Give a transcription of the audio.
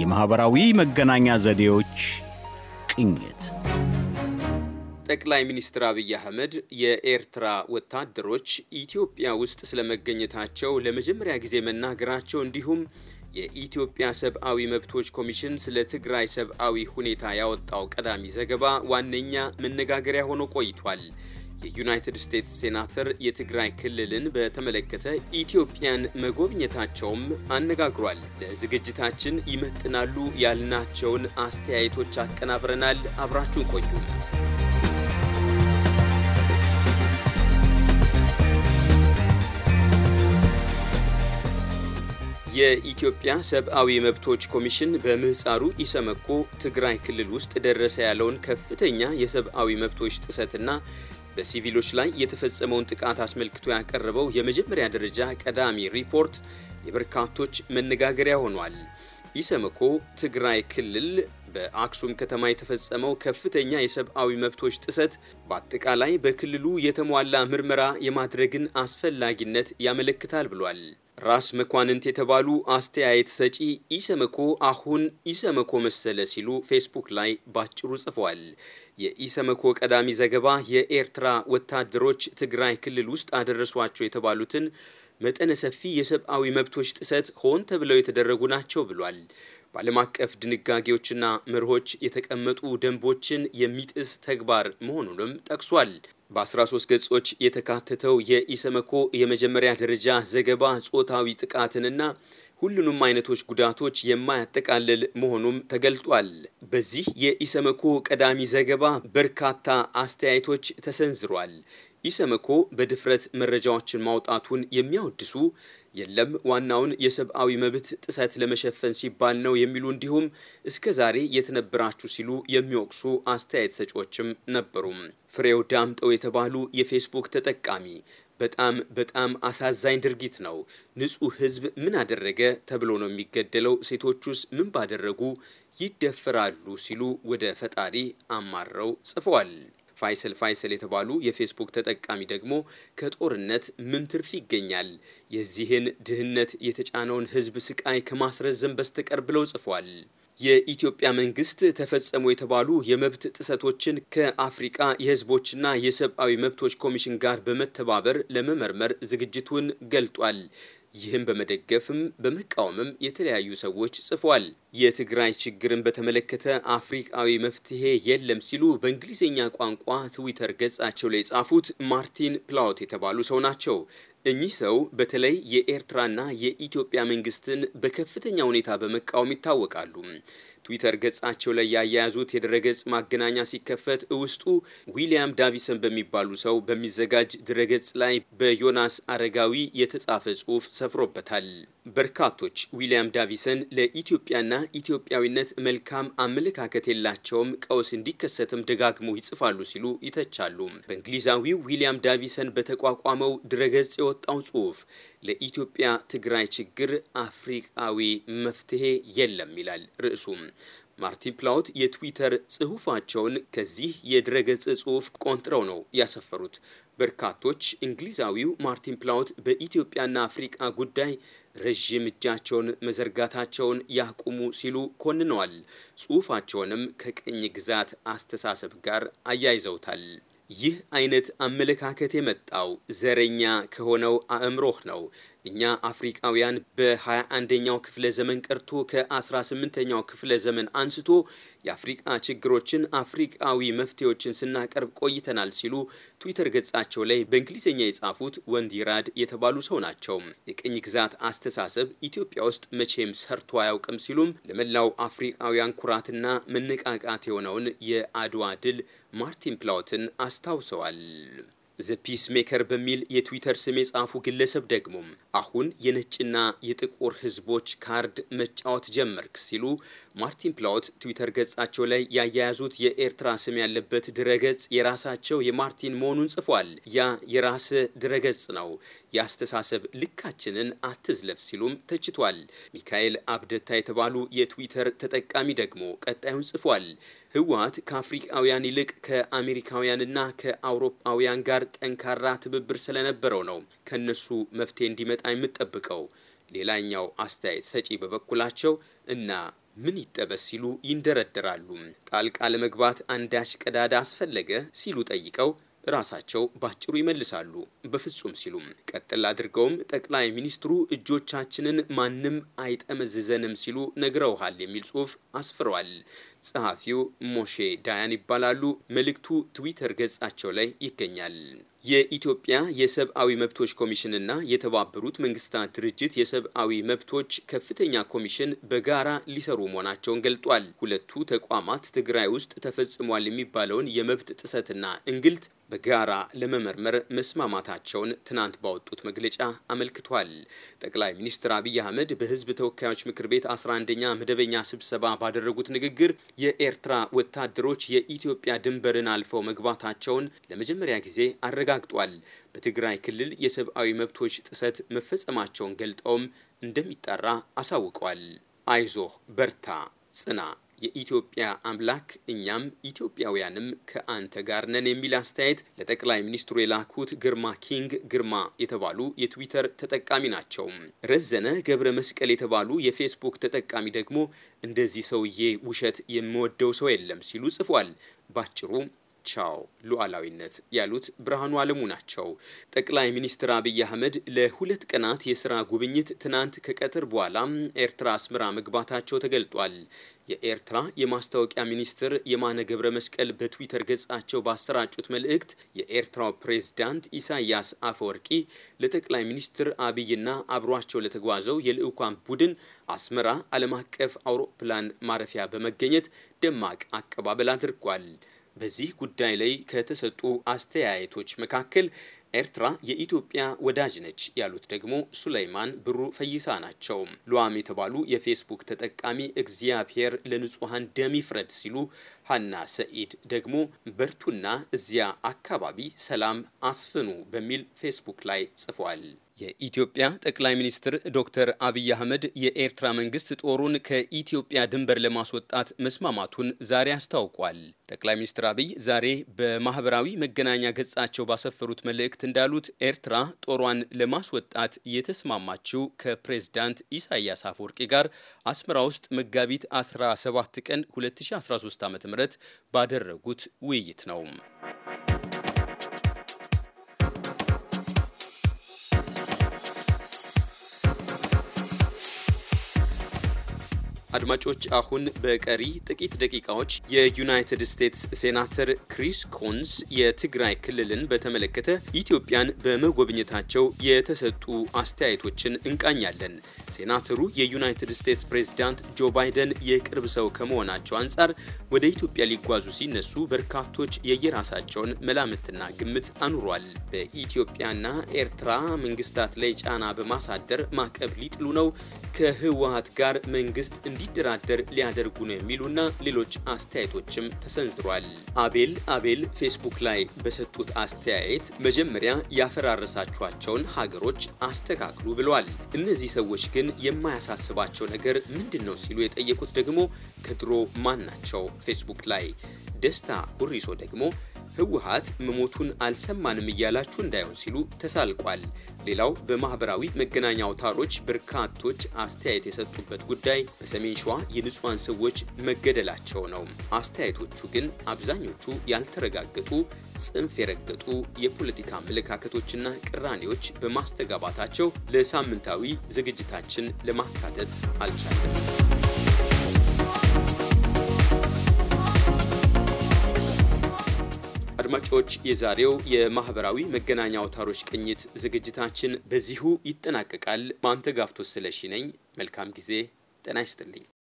የማኅበራዊ መገናኛ ዘዴዎች ቅኝት። ጠቅላይ ሚኒስትር አብይ አህመድ የኤርትራ ወታደሮች ኢትዮጵያ ውስጥ ስለመገኘታቸው ለመጀመሪያ ጊዜ መናገራቸው እንዲሁም የኢትዮጵያ ሰብአዊ መብቶች ኮሚሽን ስለ ትግራይ ሰብአዊ ሁኔታ ያወጣው ቀዳሚ ዘገባ ዋነኛ መነጋገሪያ ሆኖ ቆይቷል። የዩናይትድ ስቴትስ ሴናተር የትግራይ ክልልን በተመለከተ ኢትዮጵያን መጎብኘታቸውም አነጋግሯል። ለዝግጅታችን ይመጥናሉ ያልናቸውን አስተያየቶች አቀናብረናል። አብራችሁን ቆዩ። የኢትዮጵያ ሰብአዊ መብቶች ኮሚሽን በምህፃሩ ኢሰመኮ ትግራይ ክልል ውስጥ ደረሰ ያለውን ከፍተኛ የሰብአዊ መብቶች ጥሰትና በሲቪሎች ላይ የተፈጸመውን ጥቃት አስመልክቶ ያቀረበው የመጀመሪያ ደረጃ ቀዳሚ ሪፖርት የበርካቶች መነጋገሪያ ሆኗል። ኢሰመኮ ትግራይ ክልል በአክሱም ከተማ የተፈጸመው ከፍተኛ የሰብአዊ መብቶች ጥሰት በአጠቃላይ በክልሉ የተሟላ ምርመራ የማድረግን አስፈላጊነት ያመለክታል ብሏል። ራስ መኳንንት የተባሉ አስተያየት ሰጪ ኢሰመኮ አሁን ኢሰመኮ መሰለ ሲሉ ፌስቡክ ላይ ባጭሩ ጽፈዋል። የኢሰመኮ ቀዳሚ ዘገባ የኤርትራ ወታደሮች ትግራይ ክልል ውስጥ አደረሷቸው የተባሉትን መጠነ ሰፊ የሰብአዊ መብቶች ጥሰት ሆን ተብለው የተደረጉ ናቸው ብሏል። በዓለም አቀፍ ድንጋጌዎችና መርሆች የተቀመጡ ደንቦችን የሚጥስ ተግባር መሆኑንም ጠቅሷል። በ13 ገጾች የተካተተው የኢሰመኮ የመጀመሪያ ደረጃ ዘገባ ጾታዊ ጥቃትንና ሁሉንም አይነቶች ጉዳቶች የማያጠቃልል መሆኑም ተገልጧል። በዚህ የኢሰመኮ ቀዳሚ ዘገባ በርካታ አስተያየቶች ተሰንዝሯል። ኢሰመኮ በድፍረት መረጃዎችን ማውጣቱን የሚያወድሱ የለም ዋናውን የሰብአዊ መብት ጥሰት ለመሸፈን ሲባል ነው የሚሉ እንዲሁም እስከ ዛሬ የተነበራችሁ ሲሉ የሚወቅሱ አስተያየት ሰጪዎችም ነበሩም። ፍሬው ዳምጠው የተባሉ የፌስቡክ ተጠቃሚ በጣም በጣም አሳዛኝ ድርጊት ነው። ንጹህ ህዝብ ምን አደረገ ተብሎ ነው የሚገደለው? ሴቶቹስ ምን ባደረጉ ይደፈራሉ? ሲሉ ወደ ፈጣሪ አማረው ጽፈዋል። ፋይሰል ፋይሰል የተባሉ የፌስቡክ ተጠቃሚ ደግሞ ከጦርነት ምን ትርፍ ይገኛል? የዚህን ድህነት የተጫነውን ህዝብ ስቃይ ከማስረዘም በስተቀር ብለው ጽፏል። የኢትዮጵያ መንግስት ተፈጸሙ የተባሉ የመብት ጥሰቶችን ከአፍሪቃ የህዝቦችና የሰብአዊ መብቶች ኮሚሽን ጋር በመተባበር ለመመርመር ዝግጅቱን ገልጧል። ይህም በመደገፍም በመቃወምም የተለያዩ ሰዎች ጽፏል። የትግራይ ችግርን በተመለከተ አፍሪካዊ መፍትሄ የለም ሲሉ በእንግሊዝኛ ቋንቋ ትዊተር ገጻቸው ላይ የጻፉት ማርቲን ፕላውት የተባሉ ሰው ናቸው። እኚህ ሰው በተለይ የኤርትራና የኢትዮጵያ መንግስትን በከፍተኛ ሁኔታ በመቃወም ይታወቃሉ። ትዊተር ገጻቸው ላይ ያያያዙት የድረገጽ ማገናኛ ሲከፈት ውስጡ ዊሊያም ዳቪሰን በሚባሉ ሰው በሚዘጋጅ ድረገጽ ላይ በዮናስ አረጋዊ የተጻፈ ጽሑፍ ሰፍሮበታል። በርካቶች ዊሊያም ዳቪሰን ለኢትዮጵያና ኢትዮጵያዊነት መልካም አመለካከት የላቸውም፣ ቀውስ እንዲከሰትም ደጋግመው ይጽፋሉ ሲሉ ይተቻሉ። በእንግሊዛዊው ዊሊያም ዳቪሰን በተቋቋመው ድረገጽ ያወጣው ጽሁፍ ለኢትዮጵያ ትግራይ ችግር አፍሪቃዊ መፍትሄ የለም ይላል ርዕሱም። ማርቲን ፕላውት የትዊተር ጽሁፋቸውን ከዚህ የድረገጽ ጽሑፍ ቆንጥረው ነው ያሰፈሩት። በርካቶች እንግሊዛዊው ማርቲን ፕላውት በኢትዮጵያና አፍሪቃ ጉዳይ ረዥም እጃቸውን መዘርጋታቸውን ያቁሙ ሲሉ ኮንነዋል። ጽሁፋቸውንም ከቅኝ ግዛት አስተሳሰብ ጋር አያይዘውታል። ይህ አይነት አመለካከት የመጣው ዘረኛ ከሆነው አእምሮህ ነው። እኛ አፍሪካውያን በ21ኛው ክፍለ ዘመን ቀርቶ ከ18ኛው ክፍለ ዘመን አንስቶ የአፍሪቃ ችግሮችን አፍሪቃዊ መፍትሄዎችን ስናቀርብ ቆይተናል ሲሉ ትዊተር ገጻቸው ላይ በእንግሊዝኛ የጻፉት ወንዲራድ የተባሉ ሰው ናቸው። የቅኝ ግዛት አስተሳሰብ ኢትዮጵያ ውስጥ መቼም ሰርቶ አያውቅም ሲሉም ለመላው አፍሪቃውያን ኩራትና መነቃቃት የሆነውን የአድዋ ድል ማርቲን ፕላውትን አስታውሰዋል። ዘፒስ ሜከር በሚል የትዊተር ስም የጻፉ ግለሰብ ደግሞ አሁን የነጭና የጥቁር ሕዝቦች ካርድ መጫወት ጀመርክ ሲሉ ማርቲን ፕላውት ትዊተር ገጻቸው ላይ ያያያዙት የኤርትራ ስም ያለበት ድረገጽ የራሳቸው የማርቲን መሆኑን ጽፏል። ያ የራስ ድረገጽ ነው፣ የአስተሳሰብ ልካችንን አትዝለፍ ሲሉም ተችቷል። ሚካኤል አብደታ የተባሉ የትዊተር ተጠቃሚ ደግሞ ቀጣዩን ጽፏል። ህወሓት ከአፍሪካውያን ይልቅ ከአሜሪካውያንና ከአውሮፓውያን ጋር ጠንካራ ትብብር ስለነበረው ነው ከነሱ መፍትሄ እንዲመጣ የምጠብቀው። ሌላኛው አስተያየት ሰጪ በበኩላቸው እና ምን ይጠበስ ሲሉ ይንደረደራሉ። ጣልቃ ለመግባት አንዳች ቀዳዳ አስፈለገ ሲሉ ጠይቀው ራሳቸው ባጭሩ ይመልሳሉ በፍጹም ሲሉም ቀጥል አድርገውም ጠቅላይ ሚኒስትሩ እጆቻችንን ማንም አይጠመዝዘንም ሲሉ ነግረውሃል የሚል ጽሁፍ አስፍረዋል። ጸሐፊው ሞሼ ዳያን ይባላሉ። መልእክቱ ትዊተር ገጻቸው ላይ ይገኛል። የኢትዮጵያ የሰብአዊ መብቶች ኮሚሽንና የተባበሩት መንግስታት ድርጅት የሰብአዊ መብቶች ከፍተኛ ኮሚሽን በጋራ ሊሰሩ መሆናቸውን ገልጧል። ሁለቱ ተቋማት ትግራይ ውስጥ ተፈጽሟል የሚባለውን የመብት ጥሰትና እንግልት በጋራ ለመመርመር መስማማታቸውን ትናንት ባወጡት መግለጫ አመልክቷል። ጠቅላይ ሚኒስትር አብይ አህመድ በህዝብ ተወካዮች ምክር ቤት 11ኛ መደበኛ ስብሰባ ባደረጉት ንግግር የኤርትራ ወታደሮች የኢትዮጵያ ድንበርን አልፈው መግባታቸውን ለመጀመሪያ ጊዜ አረጋግጧል። በትግራይ ክልል የሰብአዊ መብቶች ጥሰት መፈጸማቸውን ገልጠውም እንደሚጠራ አሳውቋል። አይዞህ፣ በርታ፣ ጽና የኢትዮጵያ አምላክ እኛም ኢትዮጵያውያንም ከአንተ ጋር ነን የሚል አስተያየት ለጠቅላይ ሚኒስትሩ የላኩት ግርማ ኪንግ ግርማ የተባሉ የትዊተር ተጠቃሚ ናቸው። ረዘነ ገብረ መስቀል የተባሉ የፌስቡክ ተጠቃሚ ደግሞ እንደዚህ ሰውዬ ውሸት የምወደው ሰው የለም ሲሉ ጽፏል። ባጭሩ ናቸው ሉዓላዊነት ያሉት ብርሃኑ አለሙ ናቸው። ጠቅላይ ሚኒስትር አብይ አህመድ ለሁለት ቀናት የስራ ጉብኝት ትናንት ከቀትር በኋላ ኤርትራ አስመራ መግባታቸው ተገልጧል። የኤርትራ የማስታወቂያ ሚኒስትር የማነ ገብረ መስቀል በትዊተር ገጻቸው ባሰራጩት መልእክት የኤርትራው ፕሬዝዳንት ኢሳያስ አፈወርቂ ለጠቅላይ ሚኒስትር አብይና አብሯቸው ለተጓዘው የልዑካን ቡድን አስመራ ዓለም አቀፍ አውሮፕላን ማረፊያ በመገኘት ደማቅ አቀባበል አድርጓል። በዚህ ጉዳይ ላይ ከተሰጡ አስተያየቶች መካከል ኤርትራ የኢትዮጵያ ወዳጅ ነች ያሉት ደግሞ ሱለይማን ብሩ ፈይሳ ናቸው። ሉዋም የተባሉ የፌስቡክ ተጠቃሚ እግዚአብሔር ለንጹሐን ደም ይፍረድ ሲሉ፣ ሀና ሰኢድ ደግሞ በርቱና እዚያ አካባቢ ሰላም አስፍኑ በሚል ፌስቡክ ላይ ጽፏል። የኢትዮጵያ ጠቅላይ ሚኒስትር ዶክተር አብይ አህመድ የኤርትራ መንግስት ጦሩን ከኢትዮጵያ ድንበር ለማስወጣት መስማማቱን ዛሬ አስታውቋል። ጠቅላይ ሚኒስትር አብይ ዛሬ በማህበራዊ መገናኛ ገጻቸው ባሰፈሩት መልእክት እንዳሉት ኤርትራ ጦሯን ለማስወጣት የተስማማችው ከፕሬዝዳንት ኢሳያስ አፈወርቂ ጋር አስመራ ውስጥ መጋቢት 17 ቀን 2013 ዓ ም ባደረጉት ውይይት ነው። አድማጮች አሁን በቀሪ ጥቂት ደቂቃዎች የዩናይትድ ስቴትስ ሴናተር ክሪስ ኮንስ የትግራይ ክልልን በተመለከተ ኢትዮጵያን በመጎብኘታቸው የተሰጡ አስተያየቶችን እንቃኛለን። ሴናተሩ የዩናይትድ ስቴትስ ፕሬዚዳንት ጆ ባይደን የቅርብ ሰው ከመሆናቸው አንጻር ወደ ኢትዮጵያ ሊጓዙ ሲነሱ በርካቶች የየራሳቸውን መላምትና ግምት አኑሯል። በኢትዮጵያና ኤርትራ መንግስታት ላይ ጫና በማሳደር ማዕቀብ ሊጥሉ ነው። ከህወሀት ጋር መንግስት እንዲ እንዲደራደር ሊያደርጉ ነው የሚሉና ሌሎች አስተያየቶችም ተሰንዝሯል። አቤል አቤል ፌስቡክ ላይ በሰጡት አስተያየት መጀመሪያ ያፈራረሳችኋቸውን ሀገሮች አስተካክሉ ብሏል። እነዚህ ሰዎች ግን የማያሳስባቸው ነገር ምንድን ነው ሲሉ የጠየቁት ደግሞ ከድሮ ማን ናቸው? ፌስቡክ ላይ ደስታ ሁሪሶ ደግሞ ህወሀት መሞቱን አልሰማንም እያላችሁ እንዳይሆን ሲሉ ተሳልቋል። ሌላው በማህበራዊ መገናኛ አውታሮች በርካቶች አስተያየት የሰጡበት ጉዳይ በሰሜን ሸዋ የንጹሐን ሰዎች መገደላቸው ነው። አስተያየቶቹ ግን አብዛኞቹ ያልተረጋገጡ ጽንፍ የረገጡ የፖለቲካ አመለካከቶችና ቅራኔዎች በማስተጋባታቸው ለሳምንታዊ ዝግጅታችን ለማካተት አልቻለም። አድማጮች፣ የዛሬው የማህበራዊ መገናኛ አውታሮች ቅኝት ዝግጅታችን በዚሁ ይጠናቀቃል። ማንተጋፍቶ ስለሺ ነኝ። መልካም ጊዜ። ጤና ይስጥልኝ።